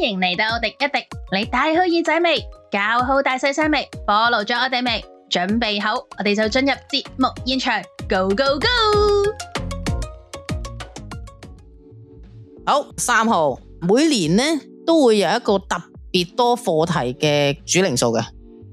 歡迎嚟到，廸一廸，你帶好耳仔未？搞好大細聲未？暴露咗我哋未？準備好，我哋就進入節目現場。Go go go！好，三號，每年呢都會有一個特別多課題嘅主靈數嘅。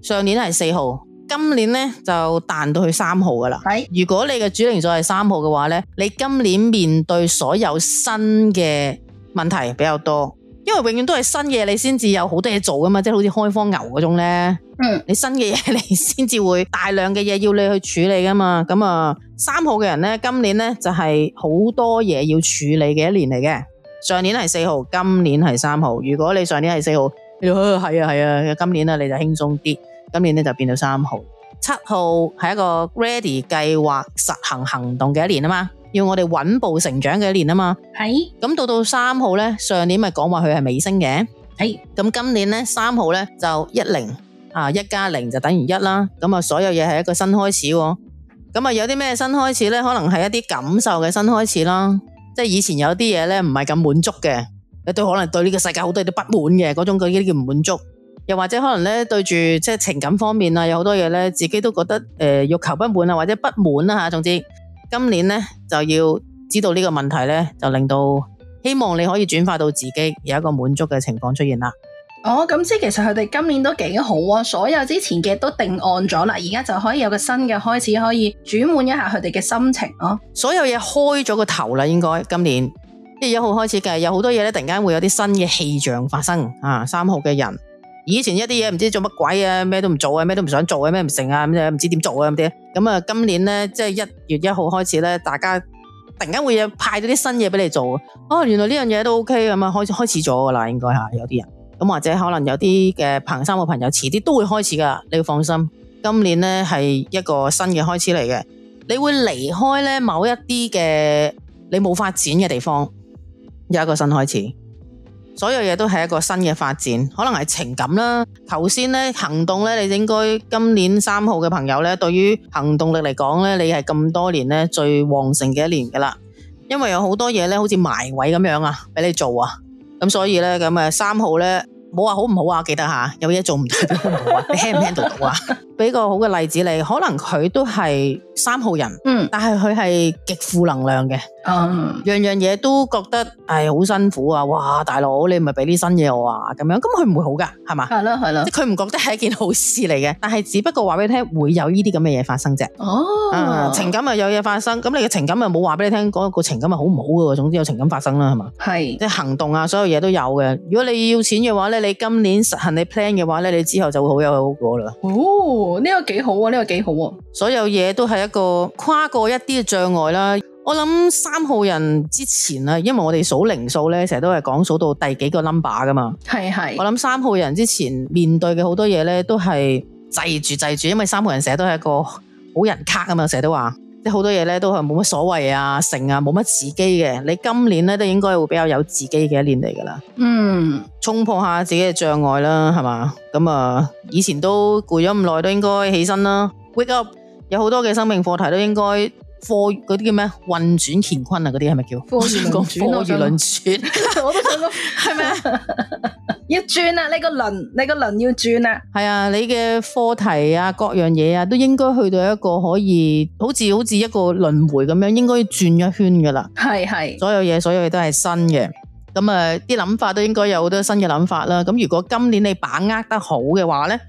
上年係四號，今年呢就彈到去三號㗎喇。係。如果你嘅主靈數係三號嘅話呢，你今年面對所有新嘅問題比較多。因為永遠都係新嘅嘢，你先至有好多嘢做噶嘛，即係好似開荒牛嗰種呢。嗯、你新嘅嘢，你先至會大量嘅嘢要你去處理噶嘛。咁啊，三號嘅人呢，今年呢就係、是、好多嘢要處理嘅一年嚟嘅。上年係四號，今年係三號。如果你上年係四號，係啊係啊，啊，啊，今年呢你就輕鬆啲。今年呢就變到三號，七號係一個 ready 計劃實行行動嘅一年啊嘛。要我哋穩步成長嘅一年啊嘛，係咁的到到三號咧，上年咪講話佢係尾聲嘅，係咁的今年咧三號咧就一零啊一加零就等於一啦，咁啊所有嘢係一個新開始、喔，咁啊有啲咩新開始咧，可能係一啲感受嘅新開始啦，即係以前有啲嘢咧唔係咁滿足嘅，你對可能對呢個世界好多嘢都不滿嘅嗰種嗰啲叫唔滿足，又或者可能咧對住即係情感方面啊有好多嘢咧自己都覺得誒、呃、欲求不滿啊或者不滿啊吓，總之。今年咧就要知道呢個問題咧，就令到希望你可以轉化到自己有一個滿足嘅情況出現啦。哦，咁即係其實佢哋今年都幾好啊，所有之前嘅都定案咗啦，而家就可以有個新嘅開始，可以轉換一下佢哋嘅心情咯，啊。所有嘢開咗個頭啦，應該今年一月一號開始嘅，有好多嘢咧突然間會有啲新嘅氣象發生啊！三號嘅人。以前一啲嘢唔知做乜鬼啊，咩都唔做啊，咩都唔想做啊，咩唔成啊，咁就唔知點做啊咁啲。咁啊，今年咧即係一月一號開始咧，大家突然間會有派咗啲新嘢俾你做啊。原來呢樣嘢都 OK 咁啊、嗯，開始開始咗噶啦，應該吓有啲人。咁或者可能有啲嘅彭生嘅朋友遲啲都會開始噶，你要放心。今年咧係一個新嘅開始嚟嘅，你會離開咧某一啲嘅你冇發展嘅地方，有一個新開始。所有嘢都係一個新嘅發展，可能係情感啦。頭先咧行動咧，你應該今年三號嘅朋友咧，對於行動力嚟講咧，你係咁多年咧最旺盛嘅一年噶啦，因為有好多嘢咧，好似埋位咁樣啊，俾你做啊，咁所以咧咁誒三號咧。冇話好唔好啊，記得吓，有嘢做唔到，都唔好你聽唔聽到到啊？俾個好嘅例子你，可能佢都係三號人，嗯，但係佢係極負能量嘅，嗯，樣樣嘢都覺得係好辛苦啊！哇，大佬，你唔係俾啲新嘢我啊？咁樣咁佢唔會好噶，係嘛？係咯係咯，即佢唔覺得係一件好事嚟嘅。但係只不過話俾你聽，會有呢啲咁嘅嘢發生啫。哦，情感又有嘢發生，咁你嘅情感又冇話俾你聽，講個情感係好唔好噶？總之有情感發生啦，係嘛？係，即係行動啊，所有嘢都有嘅。如果你要錢嘅話咧，你今年實行你 plan 嘅話咧，你之後就會好有好果啦。哦，呢個幾好啊，呢個幾好啊。所有嘢都係一個跨過一啲嘅障礙啦。我諗三號人之前啊，因為我哋數零數咧，成日都係講數到第幾個 number 噶嘛。係係是。我諗三號人之前面對嘅好多嘢咧，都係滯住滯住，因為三號人成日都係一個好人卡啊嘛，成日都話。好多嘢咧都係冇乜所謂啊，成啊，冇乜自己嘅。你今年咧都應該會比較有自己嘅一年嚟噶啦。嗯，衝破下自己嘅障礙啦，係嘛咁啊？以前都攰咗咁耐，都應該起身啦。Wake up！有好多嘅生命課題都應該。貨嗰啲叫咩？運轉乾坤啊，嗰啲係咪叫？貨如輪轉，貨如輪轉， 我都想個，係咪 啊？這個這個，要轉啊，啊！你個輪，你個輪要轉啊！係啊，你嘅課題啊，各樣嘢啊，都應該去到一個可以，好似好似一個輪迴咁樣，應該轉一圈噶啦。係係是，所有嘢，所有嘢都係新嘅。咁，呃、啊，啲諗法都應該有好多新嘅諗法啦。咁如果今年你把握得好嘅話咧？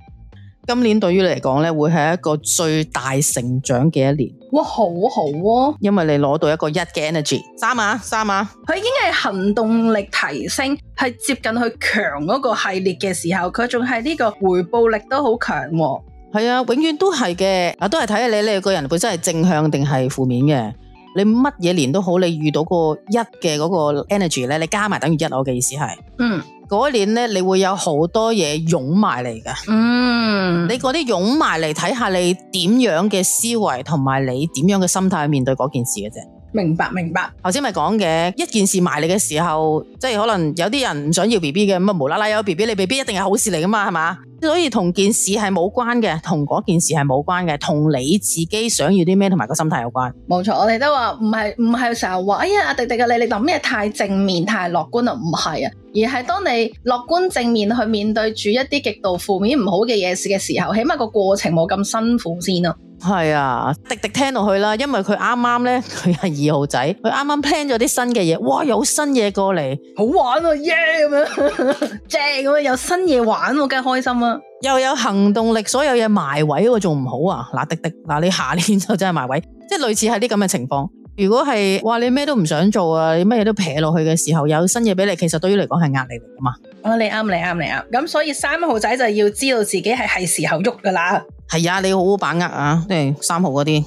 今年對於你嚟講咧，會係一個最大成長嘅一年。哇，好好喎、啊！因為你攞到一個一嘅 energy，三啊，三啊，佢已經係行動力提升，係接近佢強嗰個系列嘅時候，佢仲係呢個回報力都好強喎、啊。係啊，永遠都係嘅。嗱，都係睇下你你個人本身係正向定係負面嘅。你乜嘢年都好，你遇到一個一嘅嗰個 energy 咧，你加埋等於一，我嘅意思係。嗯。嗰年咧，你會有好多嘢湧埋嚟嘅。嗯，你嗰啲湧埋嚟，睇下你點樣嘅思維同埋你點樣嘅心態去面對嗰件事嘅啫。明白明白，頭先咪講嘅一件事埋嚟嘅時候，即係可能有啲人唔想要 BB 嘅咁啊，無啦啦有 BB，你 BB 一定係好事嚟㗎嘛，係嘛？所以同件事係冇關嘅，同嗰件事係冇關嘅，同你自己想要啲咩同埋個心態有關。冇錯，我哋都話唔係唔係成日話，哎呀阿迪迪啊你，你諗嘢太正面太樂觀呀，唔係啊，啊，而係當你樂觀正面去面對住一啲極度負面唔好嘅嘢事嘅時候，起碼個過程冇咁辛苦先囉。係啊，迪迪聽落去啦，因為佢啱啱咧，佢係二號仔，佢啱啱 plan 咗啲新嘅嘢，哇，有新嘢過嚟，好玩啊，耶、yeah，咁樣， 正咁啊，有新嘢玩，我梗係開心啦、啊，又有行動力，所有嘢埋位，我仲唔好啊？嗱，迪迪，嗱，你下年就真係埋位，即係類似係啲咁嘅情況。如果係話你咩都唔想做啊，你乜嘢都撇落去嘅時候，有新嘢俾你，其實對於你嚟講係壓力嚟噶嘛。啊，你啱，你啱，你啱，咁所以三號仔就要知道自己係係時候喐噶啦。係啊，你好好把握啊，即係三號嗰啲。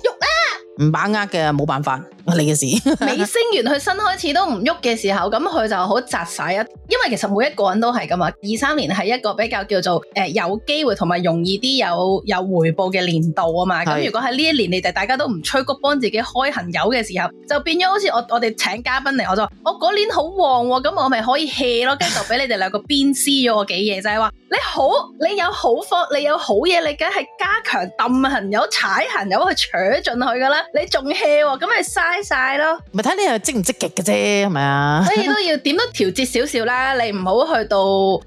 唔把握嘅冇辦法，你嘅事。你 升完佢新開始都唔喐嘅時候，咁佢就好窒曬啊！因為其實每一個人都係咁啊。二三年係一個比較叫做誒、呃、有機會同埋容易啲有有回報嘅年度啊嘛。咁如果喺呢一年你哋 大家都唔吹谷幫自己開行友嘅時候，就變咗好似我我哋請嘉賓嚟，我，我，、哦、我就我嗰年好旺喎，咁我咪可以 hea 咯，跟住就俾你哋兩個鞭屍咗我幾嘢， 就係話你好你有好貨你有好嘢，你梗係加強揼行友踩行友去搶進去㗎啦。你仲 hea 喎，咁咪嘥晒咯？咪睇你又積唔積極嘅啫，係咪啊？ 所以都要點都調節少少，少啦，你唔好去到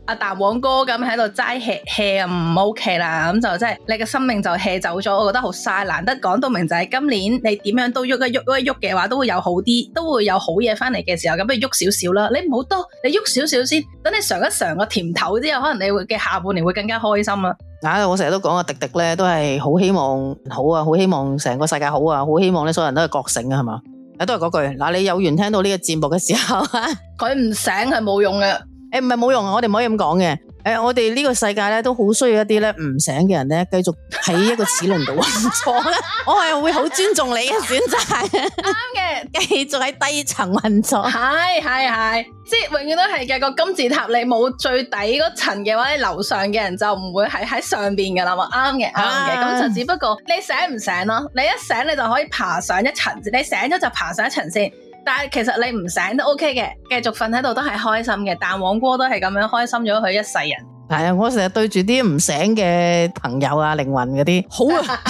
阿大王哥咁喺度齋 hea 唔 OK 啦，咁就，就真係你嘅生命就 hea 走咗，我覺得好嘥。難得講到明就係今年你點樣都喐一喐，喐一喐嘅話都會有好啲，都會有好嘢翻嚟嘅時候，咁咪喐少少啦。你唔好多，你喐少少先，等你嘗一嘗個甜頭之後，可能你會嘅下半年會更加開心啦。啊、我成日都講啊，迪迪呢都係好希望好啊，好希望成個世界好啊，好希望咧所有人都係覺醒啊，係嘛？啊，都係嗰句。嗱、啊，你有緣聽到呢個節目嘅時候啊，佢 唔醒係冇用嘅。誒、欸，唔係冇用啊，我哋唔可以咁講嘅。誒、欸，我哋呢個世界都好需要一啲咧，唔醒嘅人咧，繼續喺一個齒輪度運作。 我係會好尊重你嘅選擇 的，啱嘅， 繼續喺低層運作。係係係，即係永遠都係嘅個金字塔，你冇最底嗰層嘅話，你樓上嘅人就唔會係喺上面噶啦嘛。啱嘅，啱嘅，咁 就只不過你醒唔醒咯，啊？你一醒你就可以爬上一層，你醒咗就爬上一層先。但係其實你唔醒都 OK 嘅，繼續瞓喺度都係開心嘅，但王哥都係咁樣開心咗佢一世人。係啊，我成日對住啲唔醒嘅朋友啊，靈魂嗰啲，好啊，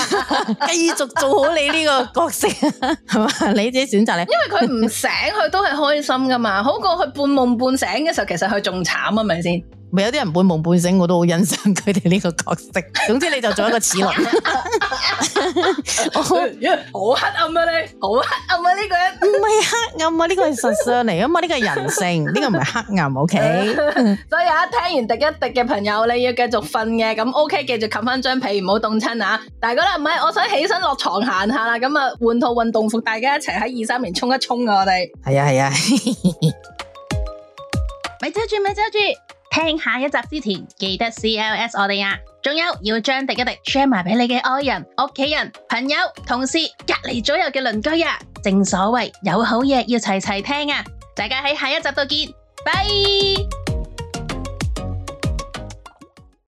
繼續做好你呢個角色，係嘛，你自己選擇你。 因為佢唔醒，佢都係開心噶嘛，好過佢半夢半醒嘅時候，其實佢仲慘啊，係咪先？咪有啲人半夢半醒，我都好欣賞佢哋呢個角色。總之你就做一個齒輪，好黑暗啊！呢、這、好、個、黑暗啊！呢、這個唔係 黑暗啊！呢個係實相嚟啊嘛！呢個係人性，呢個唔係黑暗，O K。所以啊，聽完廸一廸嘅朋友，你要繼續瞓嘅，咁 O K，繼續冚翻張被，唔好凍親啊！大哥，啦，唔係我想起身落床行下啦、啊，咁啊換套運動服，大家一齊喺二三年沖一沖啊！我哋係啊係啊，咪遮住咪遮住。聽下一集之前，記得 CLS 我哋啊，仲有要將廸一廸 share 埋俾你嘅愛人、屋企人、朋友、同事、隔籬左右嘅鄰居啊！正所謂有好嘢，要齊齊聽啊！大家喺下一集度見，拜。